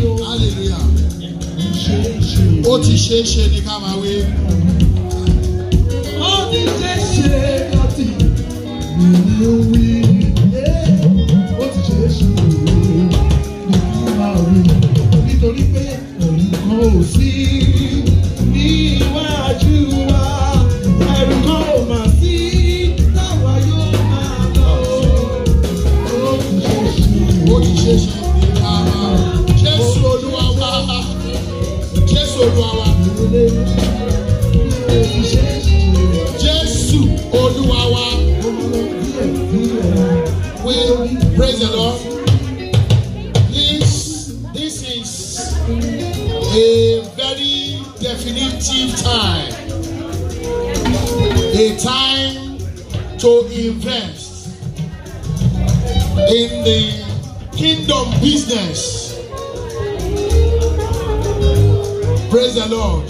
hallelujah ó ti ṣe é ṣe ni ká máa wí. ó ti ṣe é ṣe láti ìlú wí. time to invest in the kingdom business. Praise the Lord.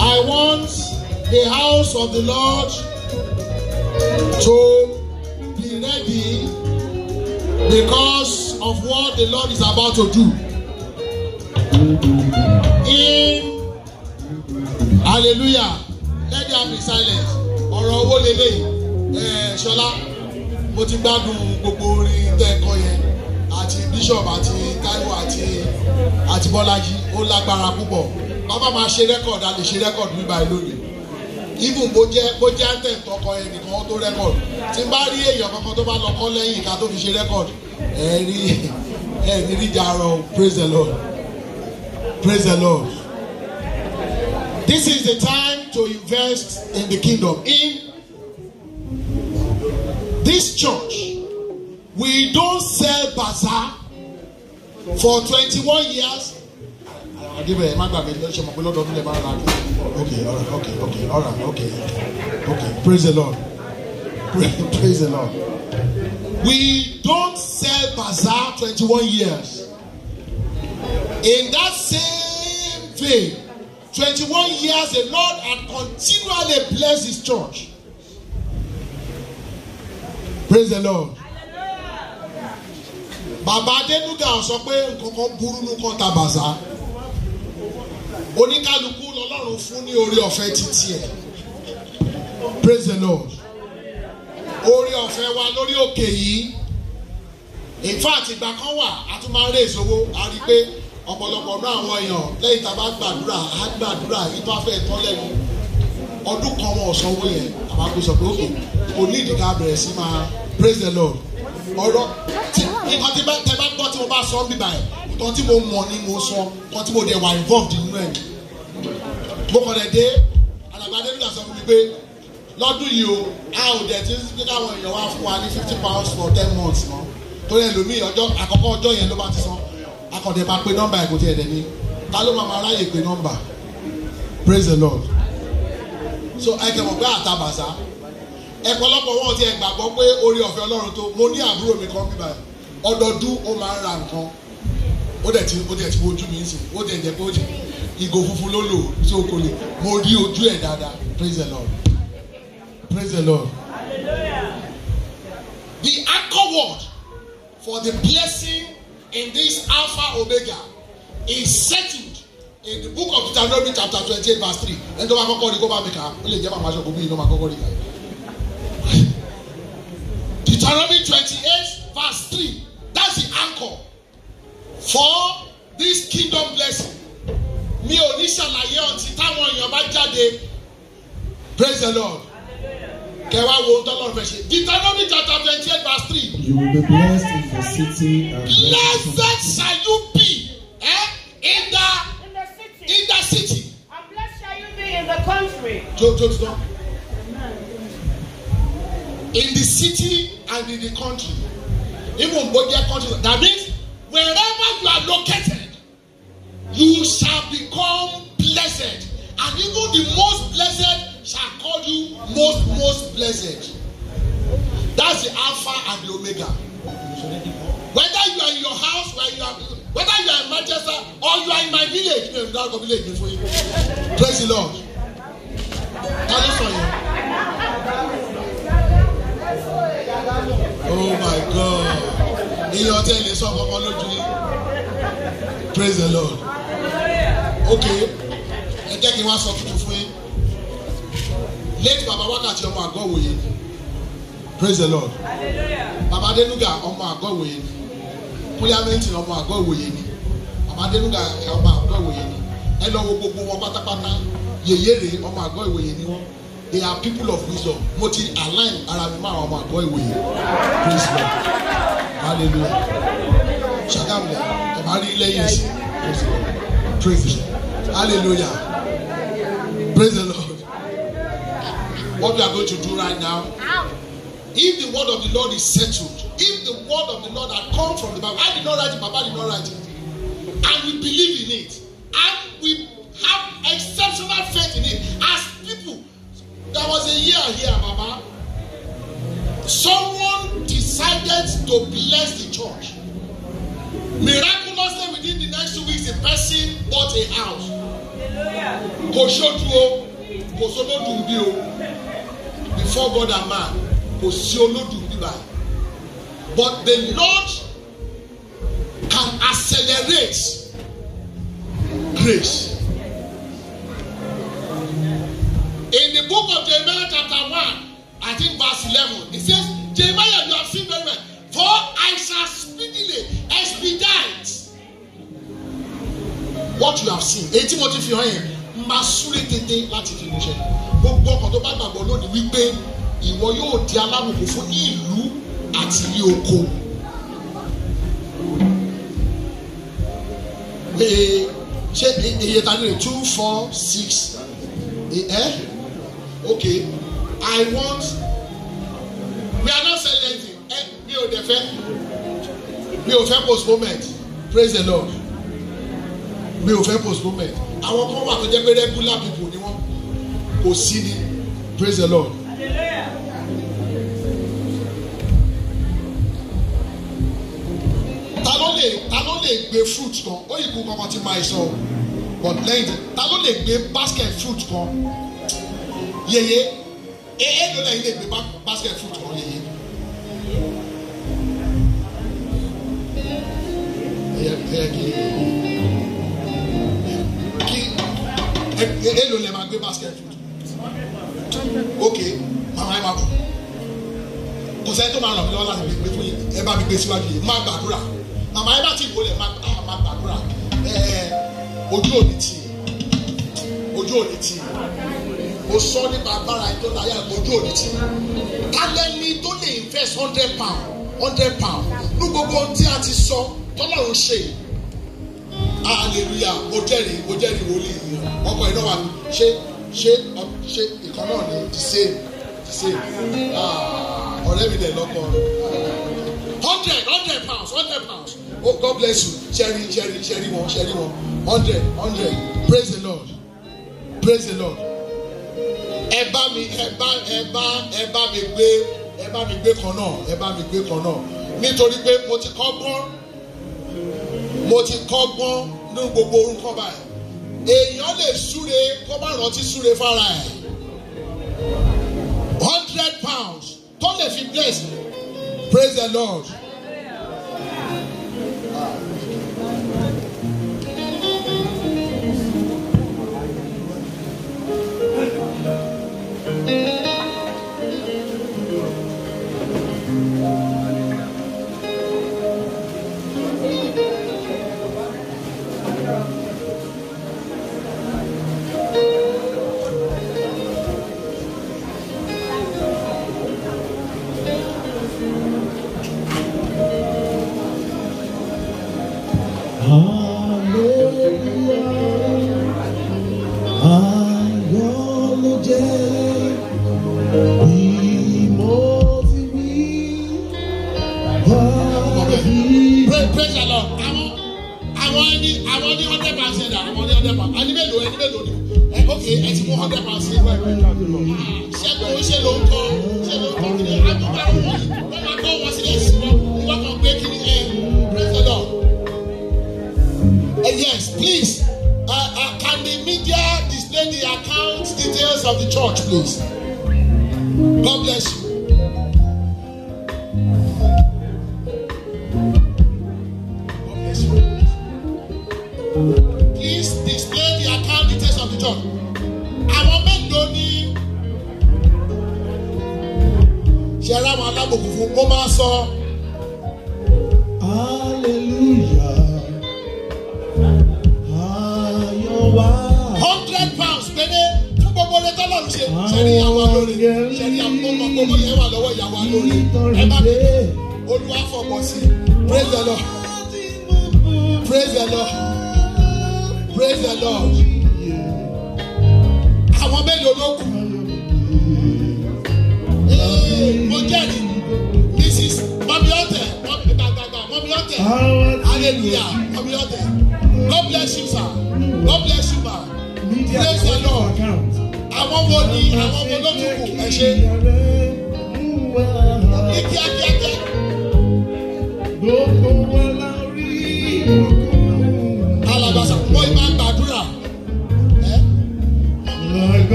I want the house of the Lord to be ready because of what the Lord is about to do. In Hallelujah. Silence. silent ọ̀rọ̀ owó lélẹ̀ ẹ̀ ṣọlá mo ti gbádùn gbogbo orin tẹ́ẹ̀kọ́ yẹn àti bishop àti Táíwò àti àti Bọ́lájí ó lágbára púpọ̀ bàbá máa ṣe rẹ́kọ̀dù a lè ṣe rẹ́kọ̀dù nígbà yìí lónìí even bó jẹ́ bó jẹ́ àtẹ̀ tọkọ yẹn nìkan tó rẹ́kọ̀dù tí n bá rí èèyàn kankan tó bá lọ kọ́ lẹ́yìn ká tó fi ṣe rẹ́kọ̀dù ẹ̀ rí ẹ̀ rí ríjà rọ praise the Lord praise the Lord this is the time. to invest in the kingdom. In this church, we don't sell bazaar for 21 years. Okay, all right, okay, okay, all right, okay, okay. Praise the Lord. Praise the Lord. We don't sell bazaar 21 years. In that same thing. 21 years, the Lord had continually blessed his church. Praise the Lord. Bàbá Adénúgà sọ pé nǹkan kan burú ní kọ́ta bàzá. Oníkálukú lọ́lọ́run fún ní orí ọ̀fẹ́ títí ẹ̀. Praise the Lord. Orí ọ̀fẹ́ wa lórí òkè yìí. In fact, ìgbà kan wà, a tún máa ń raise owó, a rí i pé ọ̀pọ̀lọpọ̀ ọdún àwọn èèyàn lẹ́yìn tá a bá gbàdúrà á gbàdúrà ìtọ́ afẹ́ ìtọ́ lẹ́nu ọdún kan wọn ọ̀sánwó yẹn àwọn akó sọ pé òkè kò ní ìdíkà bẹ̀rẹ̀ sí máa praise the lord ọ̀rọ̀ tí nǹkan tí tẹ bá gbọ́ tí mo bá sọ ń bíbá ẹ̀ nǹkan tí mo mọ̀ ni mo sọ nǹkan tí mo dẹ̀ wà involved nínú ẹ̀ mo kàn lè dé alàgbàdé nígbà sọ fún mi pé lọ́dún yìí o a ò dẹ̀ ti ní káwọn èèyàn wá fún wa ní fifty pounds for ten months mọ́ torí ẹlòmíì ọjọ́ àkọ́kọ́ ọjọ́ yẹn ló bá ti san akọ̀dẹ̀ máa pe nọ́mbà ẹ̀kọ́ tí ẹ̀dẹ̀ ni ta ló máa máa ráyè pe nọ́mbà praise the lord so ẹ kẹ́ mọ̀ pé àtàbàṣá ẹ̀pọ̀lọpọ̀ wọn ti ẹ̀ gbàgbọ́ pé orí ọ̀fẹ́ ọlọ́run tó mo ní àbúrò mi kan bíbá ọdọọdún ó máa ń ra nǹkan ó dẹ̀ ti ó dẹ̀ ti wojú mi sí ó dẹ̀ jẹ́ pé ó jẹ́ ìgò funfun ló lò tí o kò lè mo rí ojú ẹ̀ dáadáa praise the lord praise the lord the anchor word for the blessing in this Alpha Omega is settled in the book of Deuteronomy chapter twenty-eight verse three ẹni tó bá kọ́kọ́ kó bá mi kà ó lè jẹ́ màmá aṣọ gbogbo yìí ló máa rí kà Deuteronomy twenty-eight verse three that's the anchor for this kingdom blessing mi ò ní ṣàlàyé ọtí táwọn èèyàn bá jáde praise the Lord kẹwàá wo tọ́lọ́run fẹ́ Deuteronomy chapter twenty eight verse three. you will be blessed in the city and the blessed. blessed shall you be eh, in the in the city. and blessed shall you be in the country. jojo stop. in the city and in the country even though their country that means wherever you are located you shall become blessed and even the most blessed shall call you most most blessed. That's the Alpha and the Omega. Whether you are in your house, whether you are, whether you are in Manchester or you are in my village, no, without your village before you. Praise the Lord. That is for you. Oh my God. In your ẹ̀ lè sọ Praise the Lord. Okay. Ẹ jẹ́ kí n wá sọ late baba wákàtí ọmọ àgọ́ wòye ni praise the lord baba adenuga ọmọ àgọ́ wòye ni kúlíámẹ́ntì ọmọ àgọ́ wòye ni baba adenuga ọmọ àgọ́ wòye ni ẹ lọ wo gbogbo wọn pátápátá yèyé rèé ọmọ àgọ́ ìwòye ni wọn they are people of wisdom mo ti align ara mi máa ọmọ àgọ́ ìwòye praise the lord hallelujah ṣàgámù rẹ ẹ máa rí lẹ́yìn sí praise the lord hallelujah praise the lord. What we are going to do right now, if the word of the Lord is settled, if the word of the Lord had come from the Bible, I did not write it, Papa did not write it, and we believe in it, and we have exceptional faith in it, as people, there was a year here, Papa, someone decided to bless the church. Miraculously, within the next two weeks, a person bought a house. Hallelujah. ṣojú o, kò sọ́dọ̀ before God and man kò sí olódùn bíbá but the Lord can accelerate grace. In the book of Jeremiah chapter one I think verse eleven it says Jeremiah you have seen very well for I shall speedily expedite what you have seen. Èyí tí mo ti fi hàn yẹn, màá gbogbo ọkàn tó bá gbàgbọ́ lónìí wípé ìwọ yóò di alábùkún fún ìlú àti ní oko. ṣé iye ta ni rè two four six ẹ eh? ok I want we are not selling ẹ eh, mi ò dẹ̀ fẹ́ mi ò fẹ́ postponement praise the Lord mi ò fẹ́ postponement àwọn kan wà tó jẹ́ pé regular people ni kò sí ni praise the lord. ta ló lè ta ló lè gbé fruit kan ó yìí kú kankan tí máa sọ but lẹ́yìn tí ta ló lè gbé basket fruit kan yeye ee ló lẹ́yìn lè gbé basket fruit kan yeye. èlò lè máa gbé basket fruit ok màmá ẹ máa bọ̀ kò sẹ́ni tó máa ràn mí lọ́wọ́ láti gbé fún yín ẹ bá mi gbé síwájú yìí má gbàdúrà màmá ẹ bá ti wọlé má gbàdúrà ẹ ojú òní tì ojú òní tì o sọ nípa agbára ẹjọ láyà ojú òní tì alẹ́ ni tó lè invest hundred pound hundred pound ní gbogbo ohun tí a ti sọ tọ́lọ́run ṣe hallelujah mo jẹ́rìí mo jẹ́rìí wòlíì ọkọ̀ iná wa ṣe ṣe ṣe kan náà ni the same the same ah, ọ̀rẹ́ mi dẹ̀ lọ́kọ hundred hundred pounds hundred pounds oh God bless you ṣẹ́rí ṣẹ́rí ṣẹ́rí wọn ṣẹ́rí wọn hundred hundred praise the Lord praise the Lord ẹ bá mi ẹ bá ẹ bá ẹ bá mi gbé ẹ bá mi gbé kan náà ẹ bá mi gbé kan náà nítorí pé mo ti kọ́ gbọ́n mo ti kọ́ gbọ́n ní gbogbo orúkọ báyìí èèyàn lè súre kó má rántí súre fara ẹ̀ hundred pounds tó lè fi bless praise the lord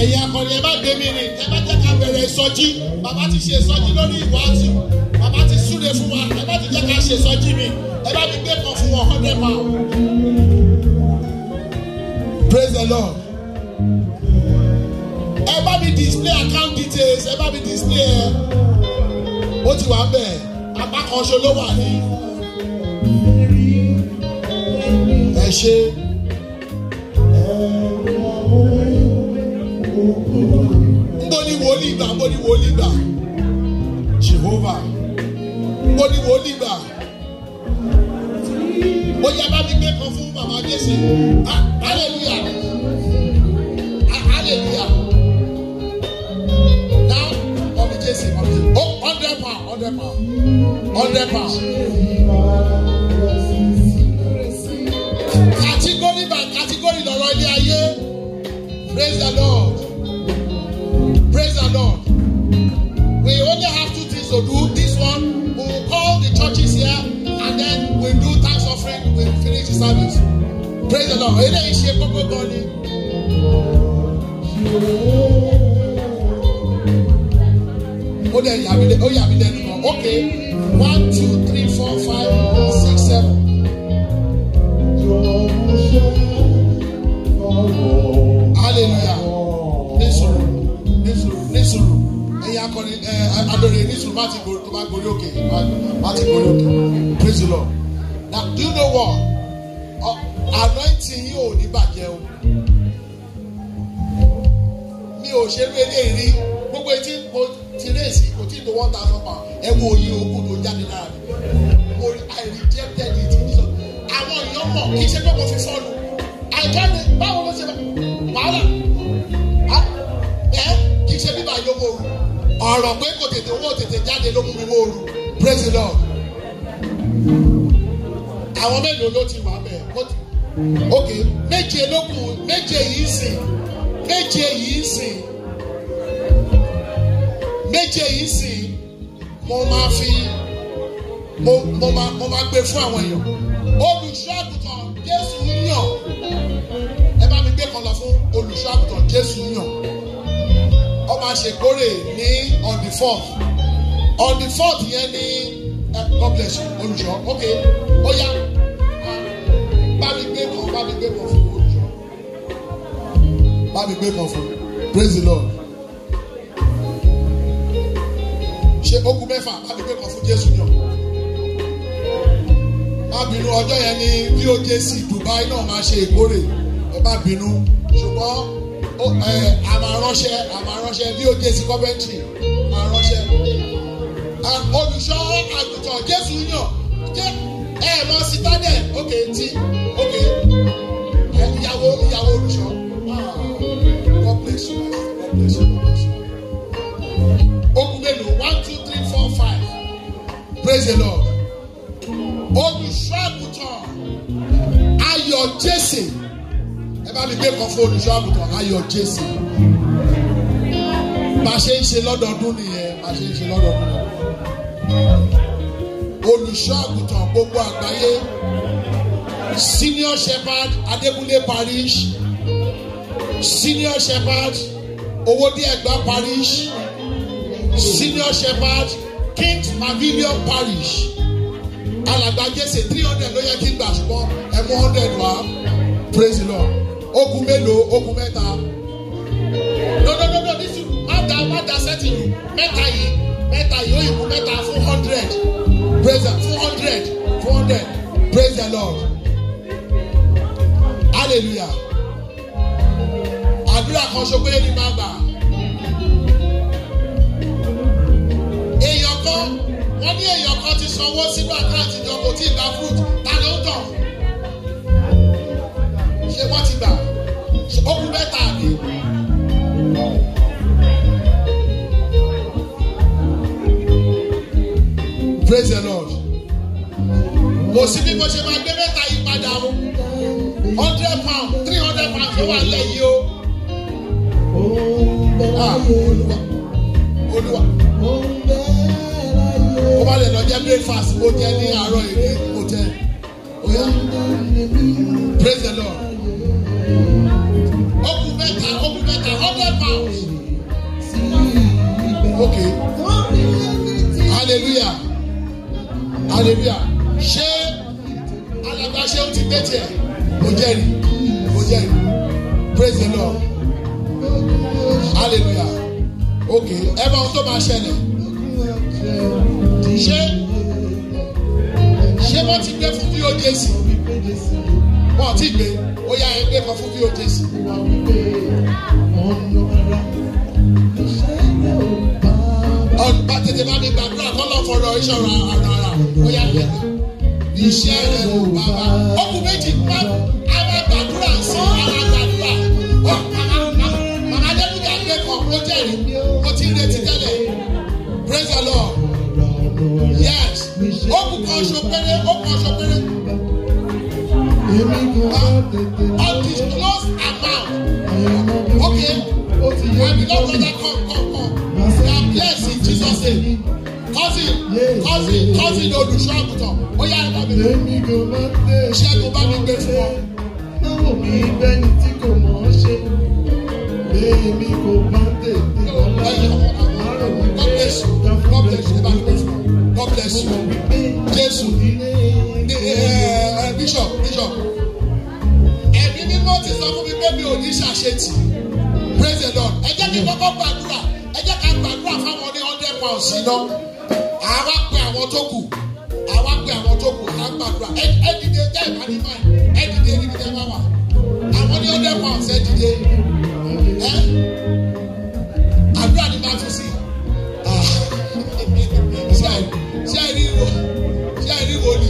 ẹ̀yin akọni ẹ má gbé mi rìn ẹ má jẹ́ ká bẹ̀rẹ̀ ìsọjí bàbá ti ṣe ìsọjí lórí ìwádìí bàbá ti súre fún wa ẹ má ti jẹ́ ká ṣe ìsọjí mi ẹ bá mi gbé kan fún wọn hundred pound. praise the lord ẹ bá mi display account details ẹ bá mi display ẹ ó ti wà bẹ́ẹ̀ apá kan ṣo ló wà ní ẹ ṣe. wòlíì gbà mo ní wòlíì gbà Jehovah mo ní wòlíì gbà ó yá bá mi gbé kan fún màmá Jésù hallelujah hallelujah now mọ̀mí Jésù oh, ó hundred pound hundred pound hundred pound. Category by category lọ́rọ̀ ilé ayé praise the Lord. service praise the lord eléyìí ṣe kókó gan ni. ó dẹ̀ yàbí lẹ́nu ó yàbí lẹ́nu gan ok one two three four five six seven. hallelujah nísòrò nísòrò nísòrò ẹ̀yin akọni ẹ̀ adọ̀rẹ̀ nísòrò má ti gòrí òkè má ti gòrí òkè praise the lord now do you know what anointing yìí ò ní bàjẹ́ o mi ò ṣerú eléyìí gbogbo etí mo ti réèsì kò tí ì lo one thousand pound ẹ wo oye oko tó jáde lára mi mo I rejected it àwọn èèyàn mọ̀ kì í ṣe pé mo fi fọ́ọ̀lù àìjáde báwo ló ṣe wàhálà ẹ kì í ṣe bíbá yóò wò ó ọ̀rọ̀ pé kò tètè owó tètè jáde ló mú mi wó ooru praise the lord. àwọn mélòó ló ti wà bẹ́ẹ̀ ok méje ló kù méje yìí sìn méje yìí sìn méje yìí sìn mo máa fi mo mo máa mo máa gbé fún àwọn èèyàn olùṣọ́ àgùntàn Jésù yàn ẹ bá mi gbé kan lọ fún olùṣọ́ àgùntàn Jésù yàn ọ máa ṣèkórè ní on the fourth on the fourth yẹn ní eh, God bless you olùṣọ́ ok ó yá. Oh, yeah bá mi gbé kan bá mi gbé kan fún òòjọ́ bá mi kan fún praise the lord. ṣe okùn mẹ́fà bá mi gbé kan fún Jésù yàn. má bínú ọjọ́ yẹn ni bí ó jẹ́ sí Dubai náà máa ṣe ìkórè ẹ má bínú ṣùgbọ́n àmà ránṣẹ́ àmà ránṣẹ́ bí ó jẹ́ sí Coventry àmà ránṣẹ́. olùṣọ́ àgùntàn Jésù yàn ẹ mọ sítádẹ̀ òkè tí. Okay, ok ìyàwó ìyàwó olùṣọ́ ah, God bless you God bless you God bless you. Okùn mélòó one two three four five praise the Lord. Olùṣọ́ àgùntàn Ayọ̀ Jésè ẹ bá mi gbé kan fún olùṣọ́ àgùntàn Ayọ̀ Jésè bá a ṣe ń ṣe lọ́dọọdún nìyẹn bá a ṣe ń ṣe lọ́dọọdún nìyẹn olùṣọ́ àgùntàn gbogbo àgbáyé senior shepherd Adekunle parish senior shepherd Owodi Egba parish senior shepherd King's Pavilion parish alàgbà jẹ́sẹ̀ three hundred ló yẹ kí n ṣùgbọ́n ẹ hundred wá praise the lord ogun mélòó ogun mẹ́ta No no no mẹ́ta mẹ́ta sẹ́tì yìí mẹ́ta yìí mẹ́ta yìí ó yìí mú mẹ́ta four hundred praise the four hundred four hundred praise the lord hallelujah àdúrà kan ṣo péré ni máa èèyàn kan wọ́n ní èèyàn kan ti sanwó sínú àkáǹtì ìjọ kò tí ì gba fruit ta ló ń tọ̀ ṣé wọ́n ti gbà ó kú mẹ́ta àbí. praise the lord kò sí bí mo ṣe máa gbé mẹ́ta yí padà o hundred pound three hundred pound ló wà lẹ́yìn o. Ah, olúwa olúwa kó bá lè lọ jẹ breakfast mo jẹ ní àárọ̀ ìwé hotel oya praise the lord. ọkùn mẹ́ta ọkùn mẹ́ta hundred pounds. okay hallelujah hallelujah ṣé alàgbà ṣé o ti gbé tiẹ̀ mo jẹ́rìí mo jẹ́rìí praise the lord hallelujah ok ẹ mọ ohun tó máa ṣẹlẹ̀ ṣé ṣé wọ́n ti gbé fún vodac wọ́n ti gbé ó yá ẹgbẹ́ kan fún vodac. ọ̀gbà tètè bá mi gbàdúrà kọ́ lọ́ọ́ fọ̀rọ̀ ìṣọ̀rọ̀ àrà ó yá ẹgbẹ́ iṣẹ́ rẹ̀ ló bá. Ọkùn méjì pa alágbàdúrà sí alágbàdúrà. Màmá Adébúdé akẹ́kọ̀ọ́ ló jẹ́rìí, ó ti ń retí tẹ́lẹ̀. Praise the Lord. Yes. Ọkùn kan ṣo péré, ọkùn kan ṣo péré. Of ah, this ah, close amount. Okay. I'm not going to come, come, come. They are in Jesus' name kọ́sì kọ́sì kọ́sì ní olùṣọ́ àgùntàn ó yára bá mi. èmi kò máa ń dé ṣẹ́gun bá mi gbé fún ọ. náwó mi bẹ́ni tí kò mọ̀ ọ́ ṣe. èmi kò bá tètè ọ̀la àárọ̀ mi bẹ́ẹ̀ God bless you. God bless you. God bless you. God bless you. Jésù eh, eh, bishop bishop ẹ̀mí mímọ́ ti sọ fún mi pé mi ò ní ṣàṣetì praise the Lord ẹ jẹ́ kí n kọ́kọ́ gbàdúrà ẹ jẹ́ ká gbàdúrà fáwọn ní hundred pounds iná àwa pe àwọn tó kù àwa pe àwọn tó kù à ń gbàdúrà ẹ dìde jẹ́ ìbánimọ̀ ẹ dìde níbi tẹ́ bá wà àwọn ní ọdẹ pa ọ̀sẹ̀ dìde ẹ àdúrà ni máa tún sí ah, ṣé ẹ rí wo ṣé ẹ wo ni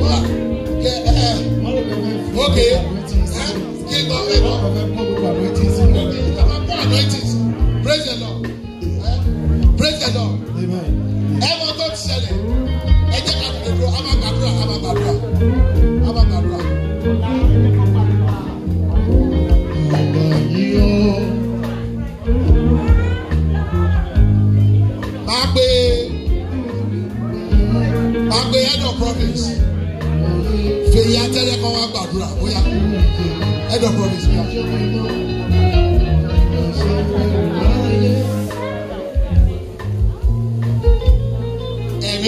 wọ́n ok ẹ kí n kọ́ fẹ́ bọ́. àdúrà bóyá head of promise bí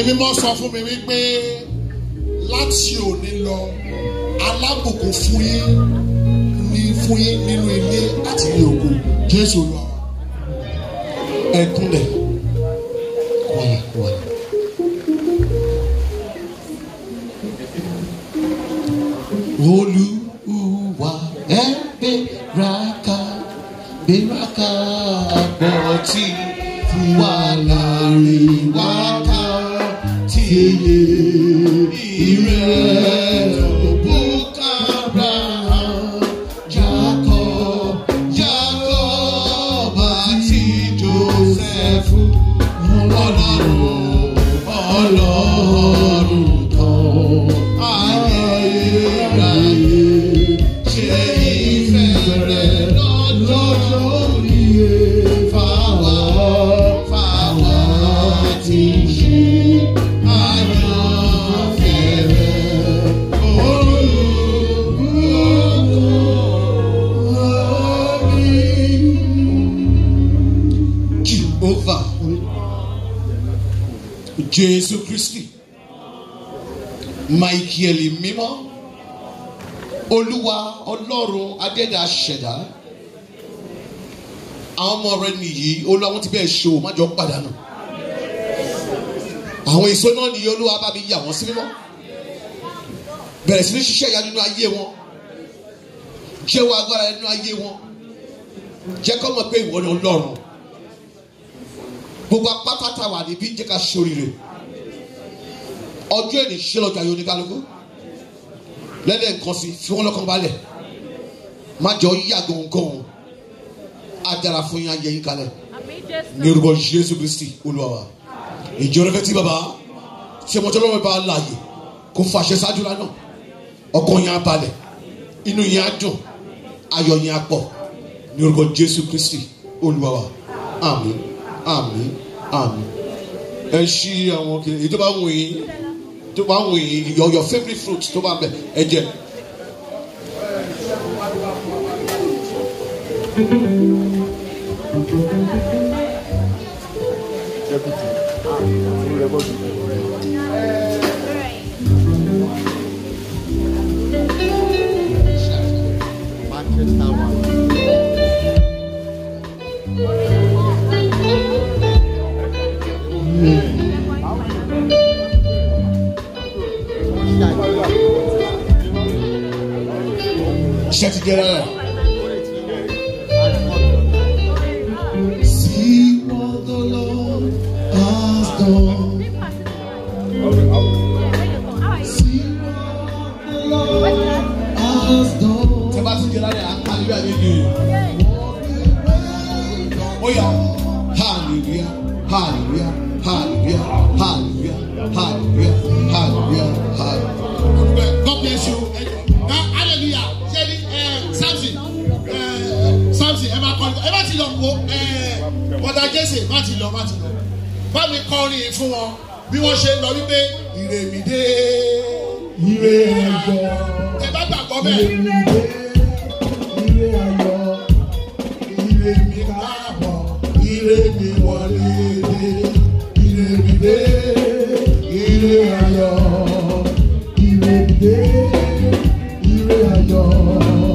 a mímọ́ sọ fún mi wípé láti òní lọ alábùkún fún yín ní fún yín nínú ilé àti ní oko Jésù lọ ẹ̀kúnlẹ̀. Jésù Christ, Máíkíẹ́lì mímọ́ Olúwa Ọlọ́run Adẹ́dà ṣẹ̀dá àwọn ọmọ rẹ nìyí Olúwa wọn ti bẹ́ẹ̀ ṣe o má jọ pàdánù àwọn èso náà nìyí Olúwa bá mi yà wọ́n sí mímọ́ bẹ̀rẹ̀ sí ní ṣiṣẹ́ ìyá nínú ayé wọn jẹ́wọ́ agbára nínú ayé wọn jẹ́ kọ́ mọ̀ pé ìwọ ni Ọlọ́run gbogbo apátátá wà níbí jẹ́ ká ṣoríire ọjọ́ èdè ṣe lọ́jà yóò ní kálukú lẹ́dẹ̀ nǹkan sí fi wọ́n lọ́kàn balẹ̀ má jọ yíyà gọ̀ǹgọ̀ǹ adara fún yín ayẹyẹ kalẹ̀ ní orúkọ Jésù Kristi Olúwa ìjọ rẹ fẹ́ tí baba ṣe mọ́tò lọ́wọ́ bá láàyè kó fàṣẹ ṣáájú lánàá ọkàn yín á balẹ̀ inú yín á dùn ayọ̀ yín á pọ̀ ní orúkọ Jésù Kristi Olúwa wa àmín àmín àmín ẹ ṣí àwọn kìnìún èyí tó bá wù yín tó bá wù yín your your favourite fruit tó bá bẹ ẹ jẹ. Thank ah, you. shut together. See what the Lord has done. lọ wo bọ́dà jésè má ti lọ má ti lọ bá mi kọ orin yìí fún wọn bí wọ́n ṣe ń lọ wípé ìrèmídé ire ayọ̀ ẹ bá gbàgbọ́ bẹ́ẹ̀. ìrèmídé ire ayọ̀ ire mi káàbọ̀ ire mi wọlé ìrèmídé ire ayọ̀ ìrèmídé ire ayọ̀.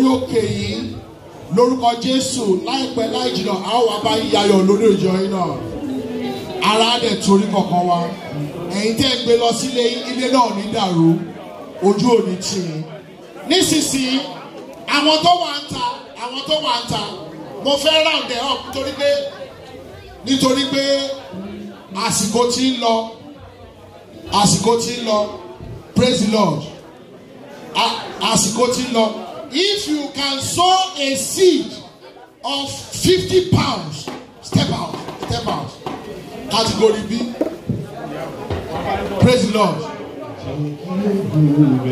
orí òkè yìí lórúkọ Jésù láìpẹ́ láì jìnnà a ó wá bá yín yayọ̀ lórí ìjọ yín náà ara dẹ̀ torí kọ̀ọ̀kan wa ẹ̀yin tẹ́ ẹ gbé lọ sílé ilé náà ní dàrú ojú ò ní tì í nísinsìnyí àwọn tó wà ń ta àwọn tó wà ń ta mo fẹ́ round ẹ̀ up torí pé nítorí pé àsìkò ti ń lọ àsìkò ti ń lọ praise the lord àsìkò ti ń lọ. If you can sow a seed of fifty pounds, step out, step out. Category B. Praise the Lord.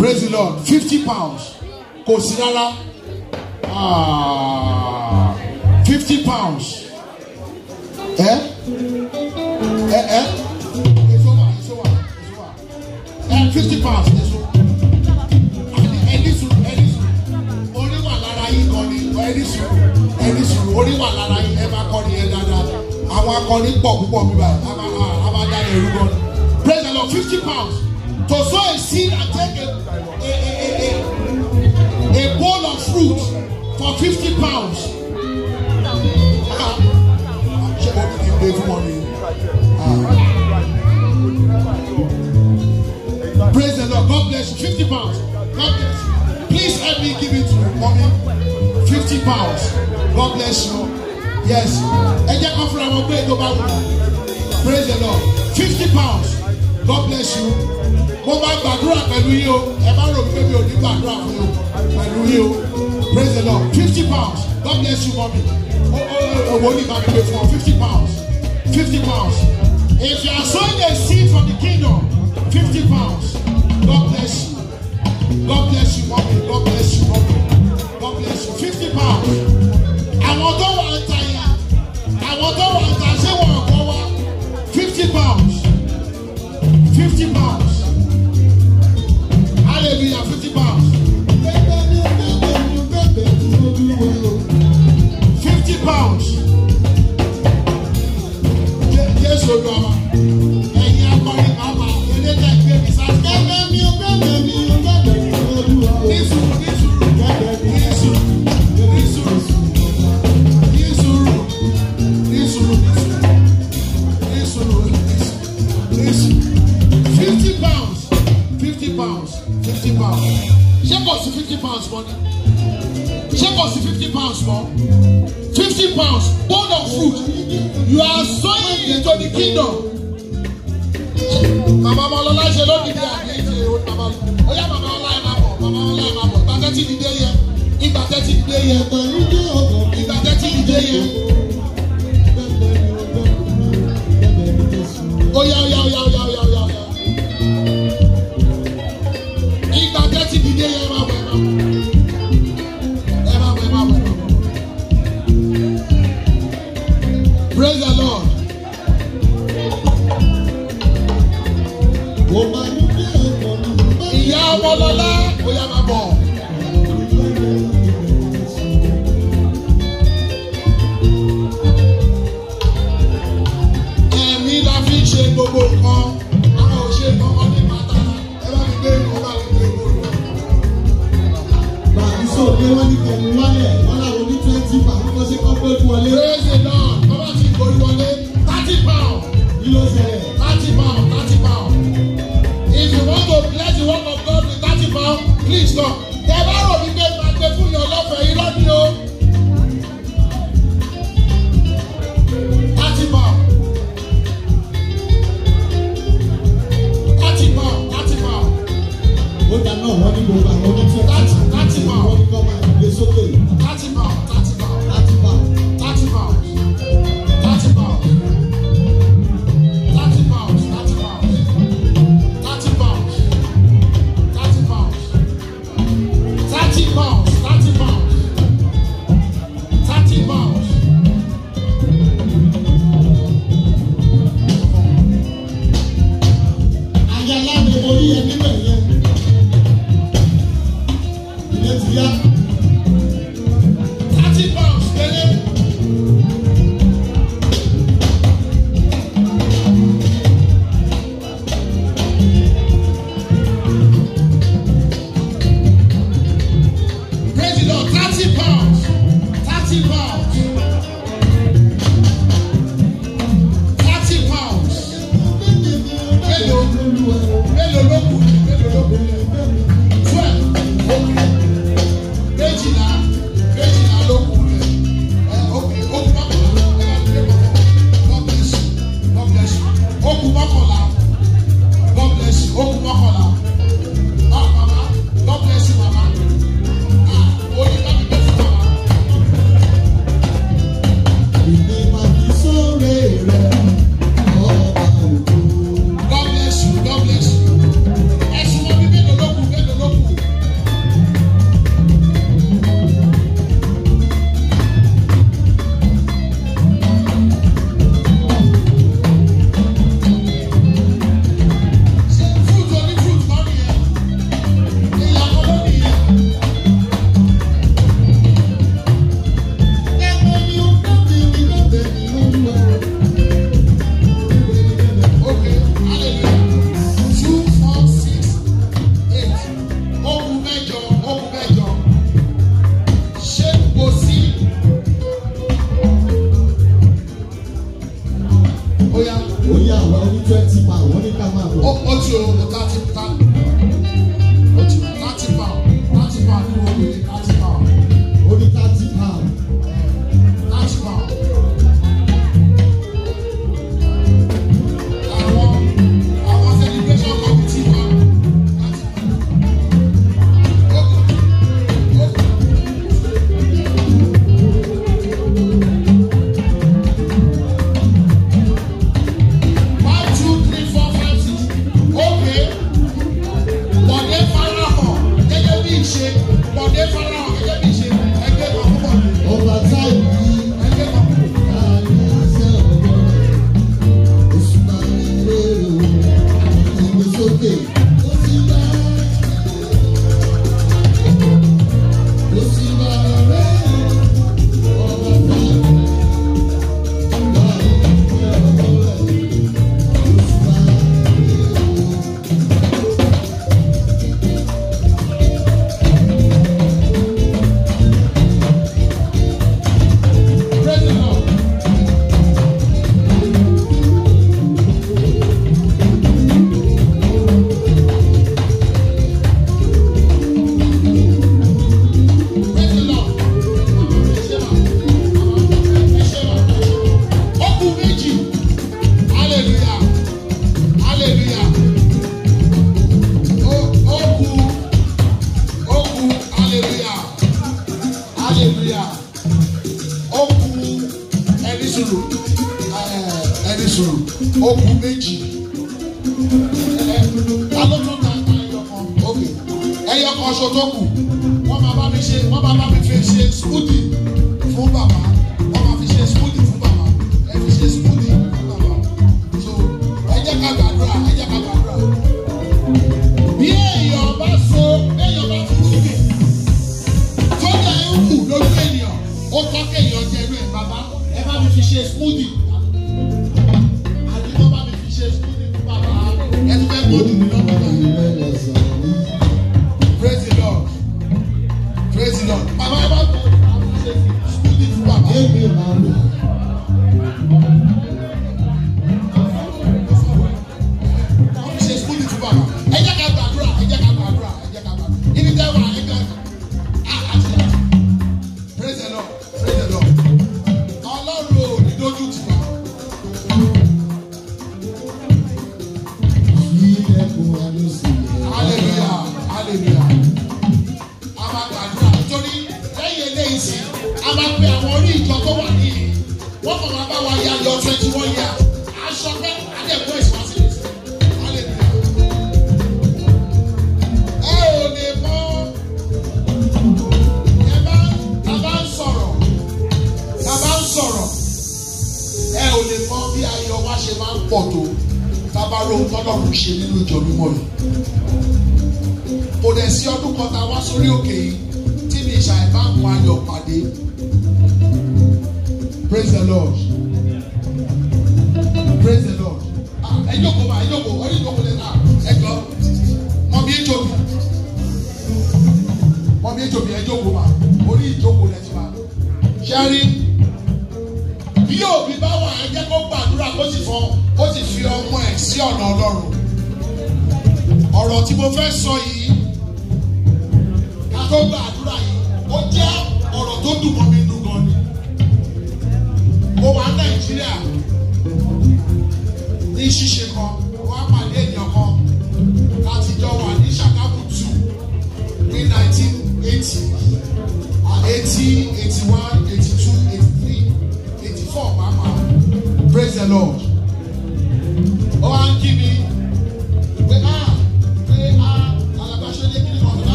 Praise the Lord. Fifty pounds. Kò Ah. rárá. Fifty pounds. Eh? Eh, eh? It's over, it's over, it's over. Eh, fifty pounds. ẹni sùúrù ẹni sùúrù orí wà lára ẹ máa kọrin yẹn dáadáa àwọn akọrin pọ̀ púpọ̀ bíbá abájáde ìrúbọ praise the lord fifty pounds to sow a seed and take a a a a a bowl of fruit for fifty pounds. Ah, ṣé o ti gbé fún ọ ni. Ah. praise the lord god bless you fifty pounds god bless you please help me give it to you mommy. fifty pounds God bless you yes ẹ jẹ́ kó fúnra wọn praise the lord fifty pounds God bless you mo bá gbàdúrà pẹ̀lú yín o ẹ bá rò pé mi ò ní gbàdúrà fún yín o pẹ̀lú pelu yin praise the lord fifty pounds God bless you mommy Oh, ní ìbá mi pè fún ọ fifty pounds fifty pounds if you are sowing a seed for the kingdom fifty pounds God bless you. God bless you, mommy. God bless you, mommy. God bless you fifty pounds. àwọn tó wà ń ta yà àwọn tó wà ń ta ṣé wọn kọ́ wa fifty pounds fifty pounds. 50 pounds more. ni ṣé 50 pounds more. 50 pounds pound of fruit you are sowing into the kingdom. màmá ọmọlọ́lá ṣe lónìí bí àgbẹ̀ ìjẹ́ òun màmá ọyá màmá ọlá ẹ̀ máa bọ̀ màmá ọlá ẹ̀ máa bọ̀ ìgbà tẹ́tí ti dé yẹ ìgbà tẹ́tí ti dé yẹ ìgbà tẹ́tí ti dé yẹ. Oya oya oya oya oya oya. Ìgbà tẹ́tí dìde yẹn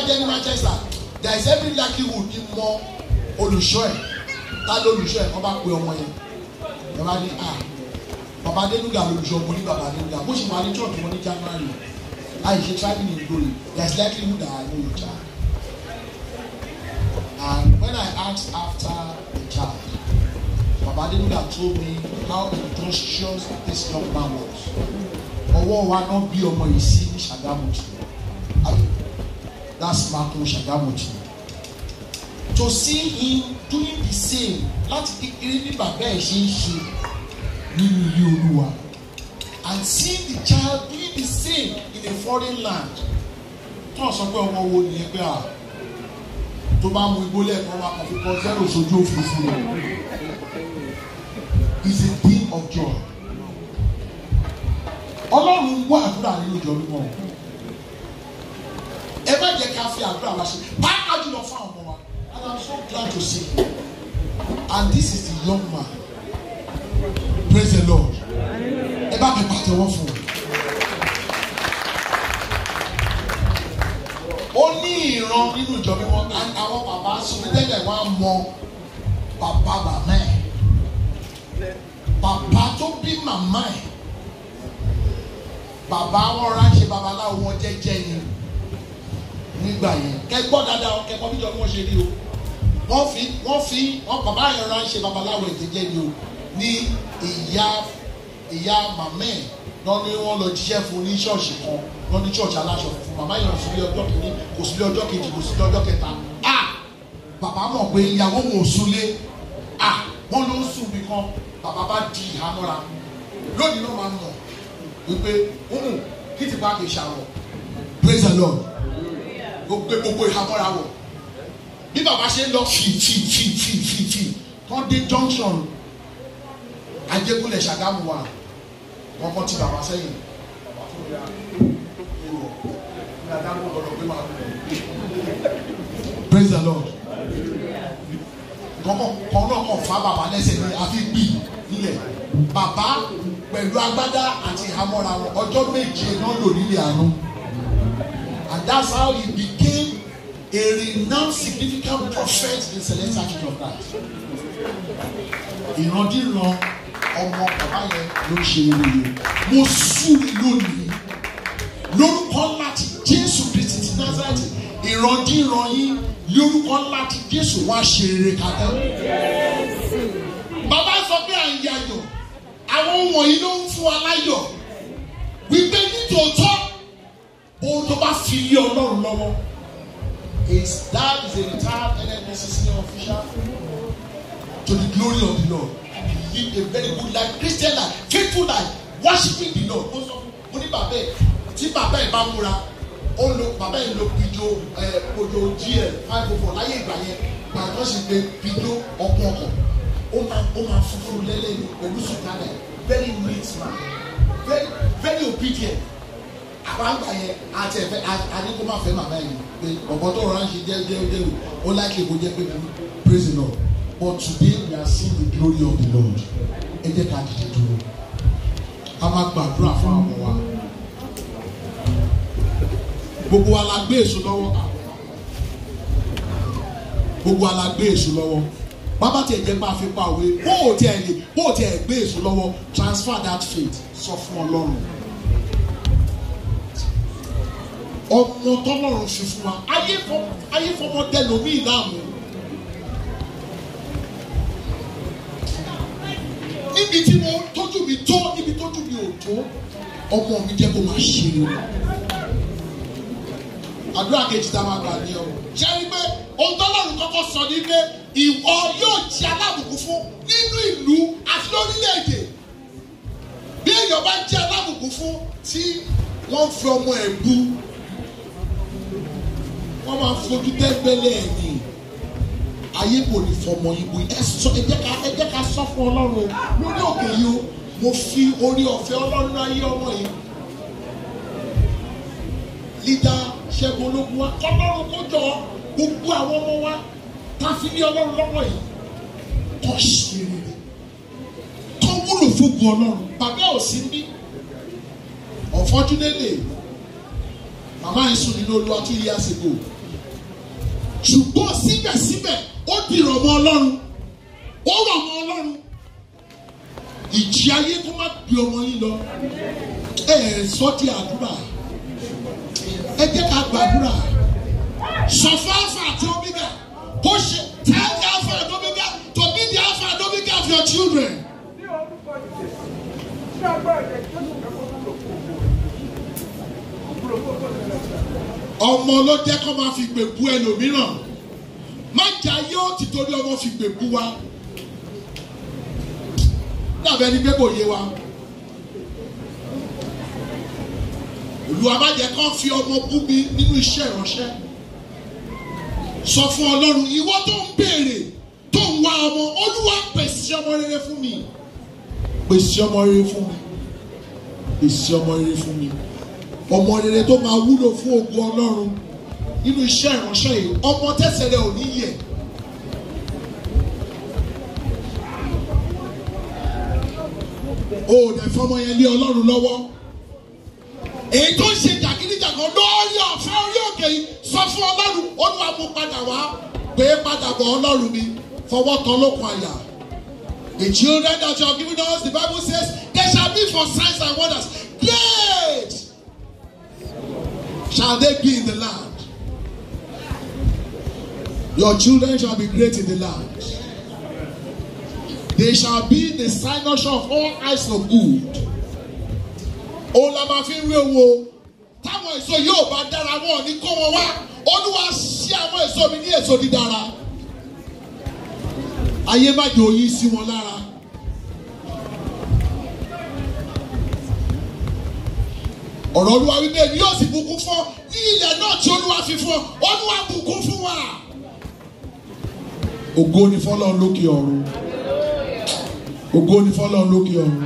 bá jẹ́ ní Manchester there is every likelihood ní mọ olùṣọ́ ẹ̀ tá ló olùṣọ́ ẹ̀ wọ́n bá pe ọmọ yẹn ẹ̀ bá ní ah bàbá Adénúgà olùṣọ́ mo ní bàbá Adénúgà bó ṣe wà ní church wọn ní January láì ṣe travelling in glory there is likelihood that I know your child and when I asked after the child bàbá Adénúgà told me how industrious this young man was ọwọ́ wa náà bí ọmọ yìí sí ní Ṣàgámù àbí that's Marco Shagamoti to see him doing the same láti kékeré ní bàbá ẹ̀ ṣe ń ṣe nínú ilé olúwa and see the child doing the same in a foreign land tó ọ̀ sọ pé ọmọ wo nìyẹn pé à ah, tó bá mu igbó lẹ́ẹ̀kan wa kàn fi kọ zero sójú òfurufú lọ is a thing of joy ọlọ́run wá àdúrà nínú ìjọ mímọ́ o ẹ má jẹ́ ká fi àdúrà wá ṣe pàápàá jùlọ fún àwọn ọmọ wa and i'm so glad to see and this is the young man praise the lord ẹ bá mi pàtẹ́wọ́ fún un. ó ní ìran nínú ìjọ mímọ́ àwọn bàbá sọmídẹ́lẹ̀ wa mọ bàbá bàmá ẹ̀ bàbá tó bí màmá ẹ̀ bàbá wọn ránṣẹ́ babaláwo wọn jẹ́jẹ́ yẹn nígbà yẹn kẹgbọ́ dáadáa kẹgbọ́ bíjọ bí wọ́n ṣe rí o wọ́n fi wọ́n fi wọ́n bàbá yẹn rán ṣe babaláwo ìdíjẹ́ ni o ní ìyá ìyá màmá ẹ̀ lọ́n ní wọ́n lọ jíṣẹ́ fún ní ṣọ́ọ̀ṣì kan lọ́n ní ṣọ́ọ̀ṣì aláṣọ fún màmá yẹn sùn lé ọjọ́ kìíní kò sí lé ọjọ́ kejì kò sí lé ọjọ́ kẹta à bàbá mọ̀ pé ìyàwó wọn ò súnlé à wọ́n ló ń sùn bí kan bàbá bá di ìhámọ́ra lónìí náà máa ń mọ̀ wípé kí ti bá kì í ṣàrọ̀ praise the lord gbogbo gbogbo ìhámọ́ra bí bàbá ṣe ń lọ fì fì fì fì fì fì tán dé junction ajégúnlẹ̀ ṣàgámù wa wọ́n kàn ti bàbá sẹ́yìn praise the lord kọ́kọ́ kọ́ náà kọ́ fa bàbá lẹ́sẹ̀ ní àfi gbì nílẹ̀ bàbá pẹ̀lú agbádá àti ìhámọ́ra ọjọ́ méje náà lò nílẹ̀ àánú and that's how he be a renowned significant prophet in Celestial Church of Christ. Ìrandíran ọmọ bàbá yẹn ló ń ṣe irú yìí. Mo súre lónìí. Lórúkọ ńlá ti Jésù Kristi ti Nazareth. Ìrandíran yín lórúkọ ńlá ti Jésù wá ṣe eré kàtà. Bàbá sọ pé à ń yayọ̀. Àwọn ohun wọ̀nyí ló ń fún wa láyọ̀. Wípé nítòótọ́ ohun tó bá fi lé Ọlọ́run lọ́wọ́. His dad is a retired NNPC senior official. To the glory of the Lord. he lived a very good life, Christian life, faithful life, worshiping the Lord. Most of mo ní bàbá ẹ̀ tí bàbá ẹ̀ bá múra ó gl five oh four láyé ìgbà yẹn gbàgbọ́ sì pé pidjo ọkọ̀ ọkọ̀ ó máa ó máa very neat man very very obedient àbáńgbà yẹn àti ẹ̀fẹ́ àdínkù máa fẹ́ màmá yẹn pé ọ̀pọ̀ tó rọra ń ṣe jẹ́wéjẹ́wé ó láìkè kó jẹ́ pé praise the Lord but today we are seeing the glory of the Lord ẹ jẹ́ ká dìde dúró a máa gbàdúrà fún àwọn wa gbogbo wa la gbé èso lọ́wọ́ gbogbo wa la gbé èso lọ́wọ́ bàbá tiẹ̀ jẹ́ máa fi òwe bó o tiẹ̀ lè bó o tiẹ̀ gbé èso lọ́wọ́ transfer that faith sọ fún Ọlọ́run ọmọ tọ́lọ́run ṣe fún wa ayé fọmọ tẹlómìn láàmú. níbi tí mo tọ́jú mi tó níbi tọ́jú mi ò tó ọmọ mi jẹ́ kó máa ṣe é àdúrà kejì tá a máa gbà ní ọ. ṣé rí ohun tọ́lọ́run kọ́kọ́ sọ ní pé ìwọ yóò jẹ́ alábùkún fún nínú ìlú àti lórílẹ̀‐èdè bí èèyàn bá jẹ́ alábùkún fún tí wọ́n fi ọmọ ẹ̀ bu wọ́n máa fojú tẹ́gbẹ́lẹ́ ẹ̀ ní ayé kò ní fọmọ yìí bò ẹ jẹ́ ká sọ fún ọlọ́run lórí òkè yìí o mo fi orí ọ̀fẹ́ ọlọ́run ayé ọmọ yìí lídà ṣẹ́gun ológun wa ọlọ́run kó jọ gbogbo àwọn ọmọ wa tá fi ní ọlọ́run lọ́wọ́ yìí kọ́ ṣe rere tó wúlò fógun ọlọ́run bàbá ò sí ní unfortunately màmá yìí sùn nínú olú wa two years ago ṣùgbọ́n síbẹ̀síbẹ̀ ó dìrọ̀ mọ́ ọlọ́run ó rọ̀ mọ́ ọlọ́run ìjì ayé kó má bí ọmọ yín lọ ẹ sọ di àdúrà ẹ jẹ́ ká gbàdúrà sọ fún alpha àti omega kó ṣe tell the alpha and omega to be the alpha and omega of your children. ọmọ ló jẹ́ kó máa fi gbè bú ẹlòmíràn má jà yóò ti torí ọmọ fi gbè bú wa dàbẹ́ ni pé kò yé wa Olúwa má jẹ́ kó fi ọmọ bú mi nínú iṣẹ́ ìránṣẹ́ sọ fún Ọlọ́run ìwọ tó ń béèrè tó ń wá ọmọ Olúwa pèsè ọmọ rere fún mi pèsè ọmọ rere fún mi pèsè ọmọ rere fún mi ọmọ rere tó máa wúlò fún ògo ọlọ́run nínú iṣẹ́ ìránṣẹ́ yìí ọmọ tẹ̀sẹ̀ rẹ ò ní yẹ̀. o ò dẹ̀ fọmọ yẹn lé ọlọ́run lọ́wọ́ èyí tó ń ṣe jàgídíjàgan lórí ọ̀fẹ́ orí òkè yìí sọ fún ọlọ́run olúwa mú padà wá pé padà bọ̀ ọlọ́run mi fọwọ́ tán lókun àyà. The children that you have given us, the Bible says, they shall be for signs and wonders. Great shall they be in the land. Your children shall be great in the land. They shall be the signage of all eyes of good. Òun Táwọn èso yóò bá dára wọn ní kó wọn wá. Olúwa ṣí àwọn èso mi ní èso dídára. Ayé má jẹ́ oyin sí wọn lára. ọ̀rọ̀ olúwa wípé èmi yóò sì bùkún fún ní ilẹ̀ náà tí olúwa fi fún olúwa bùkún fún wa. ògo ni fọlọ́run lókè ọ̀run ògo ni fọlọ́run lókè ọ̀run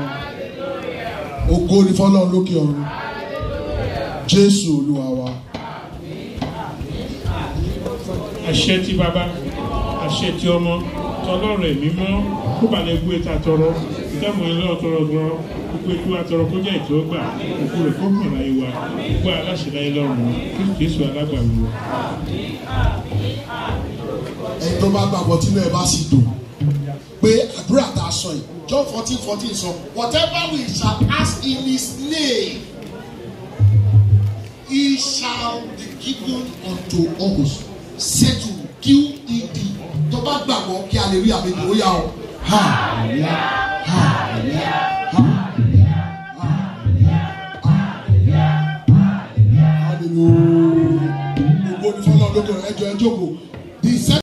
ògo ni fọlọ́run lókè ọ̀run jésù olúwa wa. àṣẹ tí baba àṣẹ tí ọmọ tọlọ́run ẹ̀mí mọ́ kó balẹ̀ gbé ta tọrọ tẹ́mu ẹ̀ lọ́ọ́ tọrọ gan-an gbogbo ètò àtọrọ kọjá ètò ọgbà òkú rẹ̀ kọ́kàn láyé wa gbogbo aláṣẹ láyé lọ́rùn kí Jésù alágbàwí wa. ẹni tó bá gbàgbọ́ tí náà bá sì dùn pé àdúrà tá a sọ yìí John fourteen fourteen sọ whatever we shall ask in his name he shall be given unto us settle qed tó bá gbàgbọ́ kí a lè rí àmì ìdòwò yà ọ́ hallelujah hallelujah. lókè ẹjọ ẹjọ kò the second.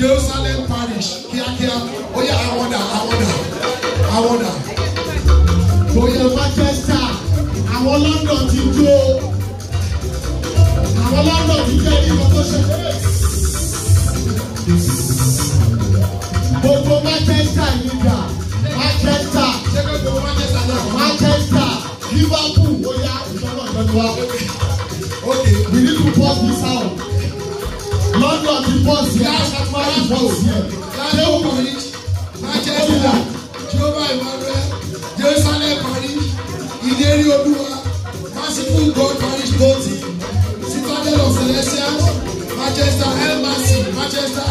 Jerusalem parish kíákíá ó yà àwọ̀dà àwọ̀dà àwọ̀dà. Oyè Manchester àwọn London ti jó àwọn London ti jẹ́ ìlú tó ṣe é. Gbogbo Manchester yìí dà Manchester Manchester Liverpool ó ìjọba ìjọba. Okay, we need to pause this out lọ́yọ̀ ti pọ̀ sí ẹ̀ má ti pọ̀ sí ẹ̀ jẹ́wọ́ kọ̀rí májẹ́sílà jehova emmanuel jerusalem kọ̀rí ìlérí olúwa merciful god parish both citadel of celestial manchester el mercy manchester.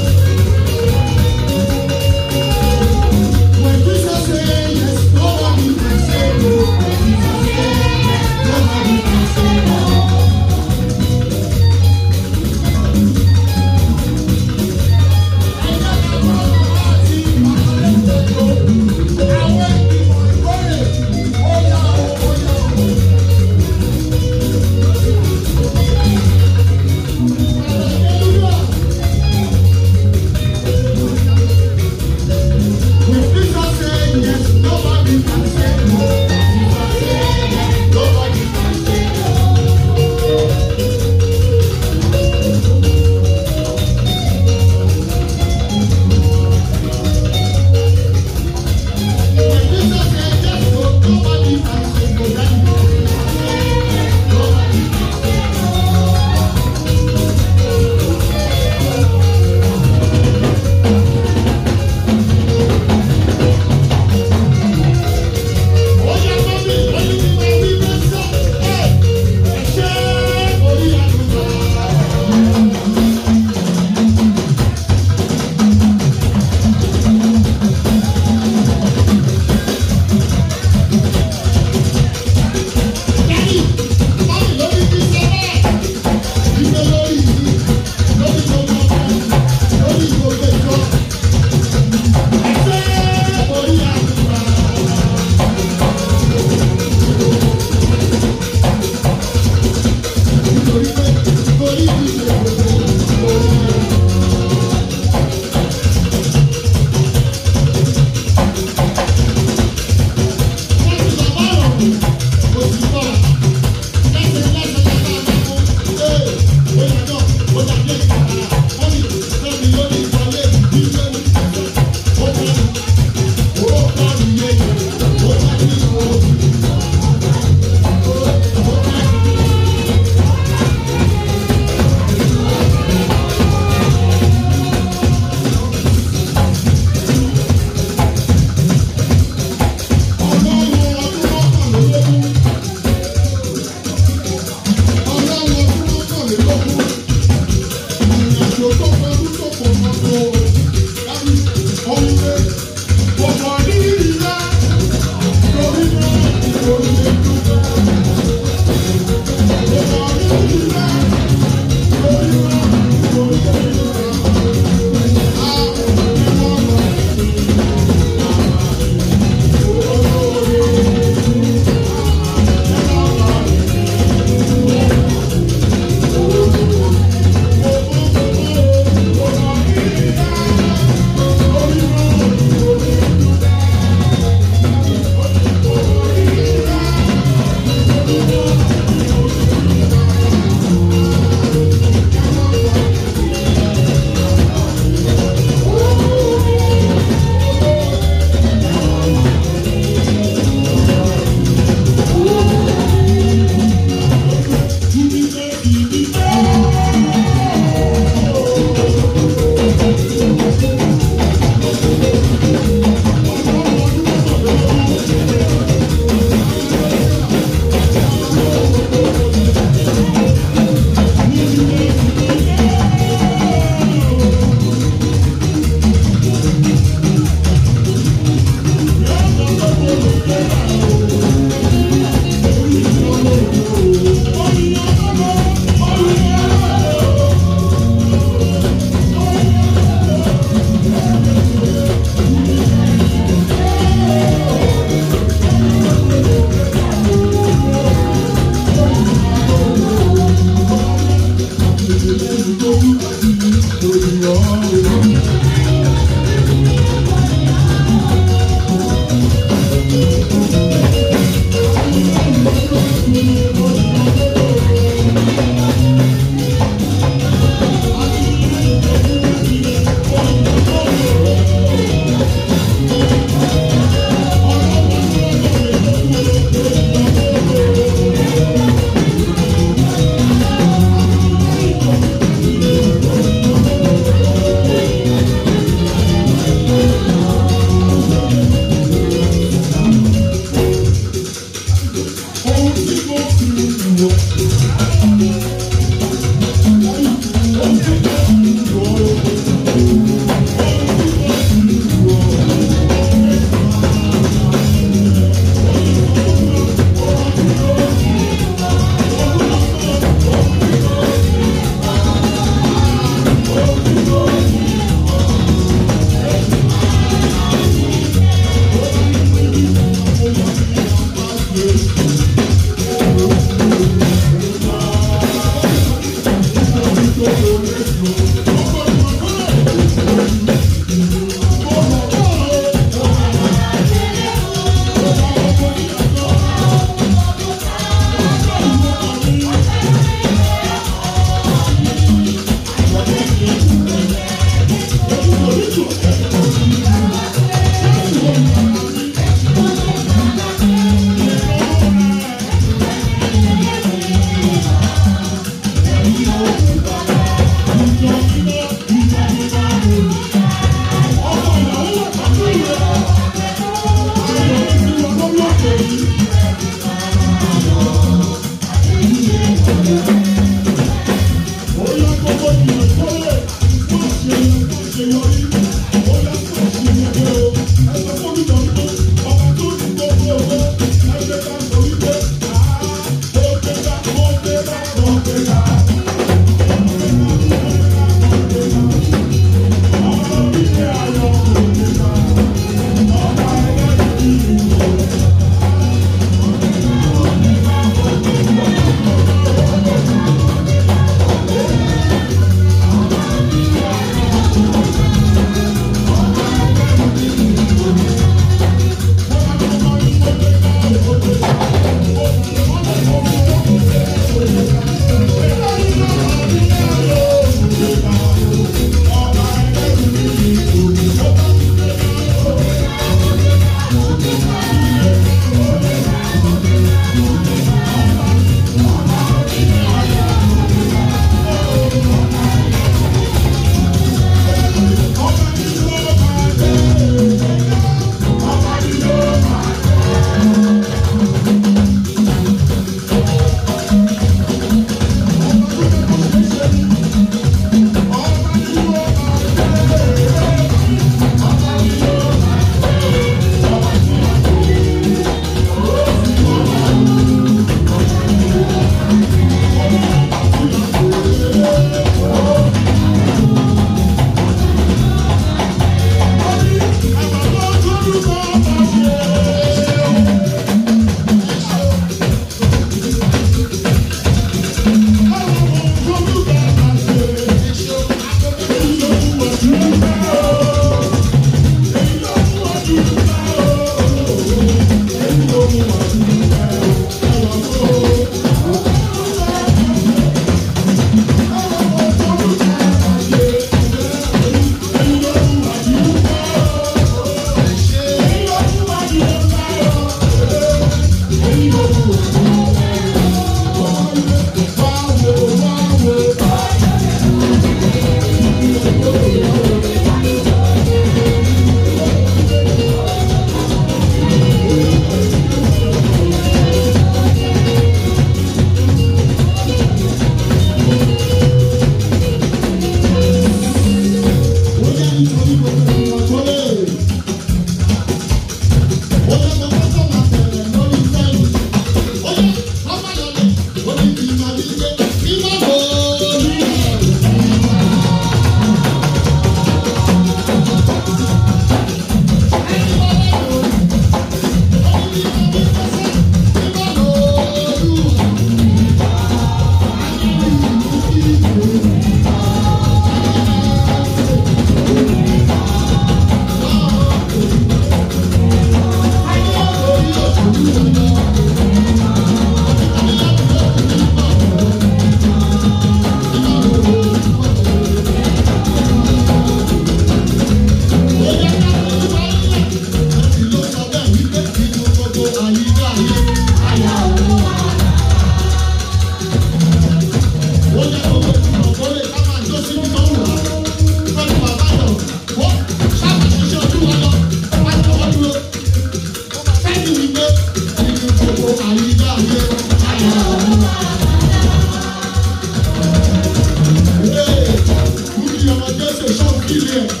Egypt.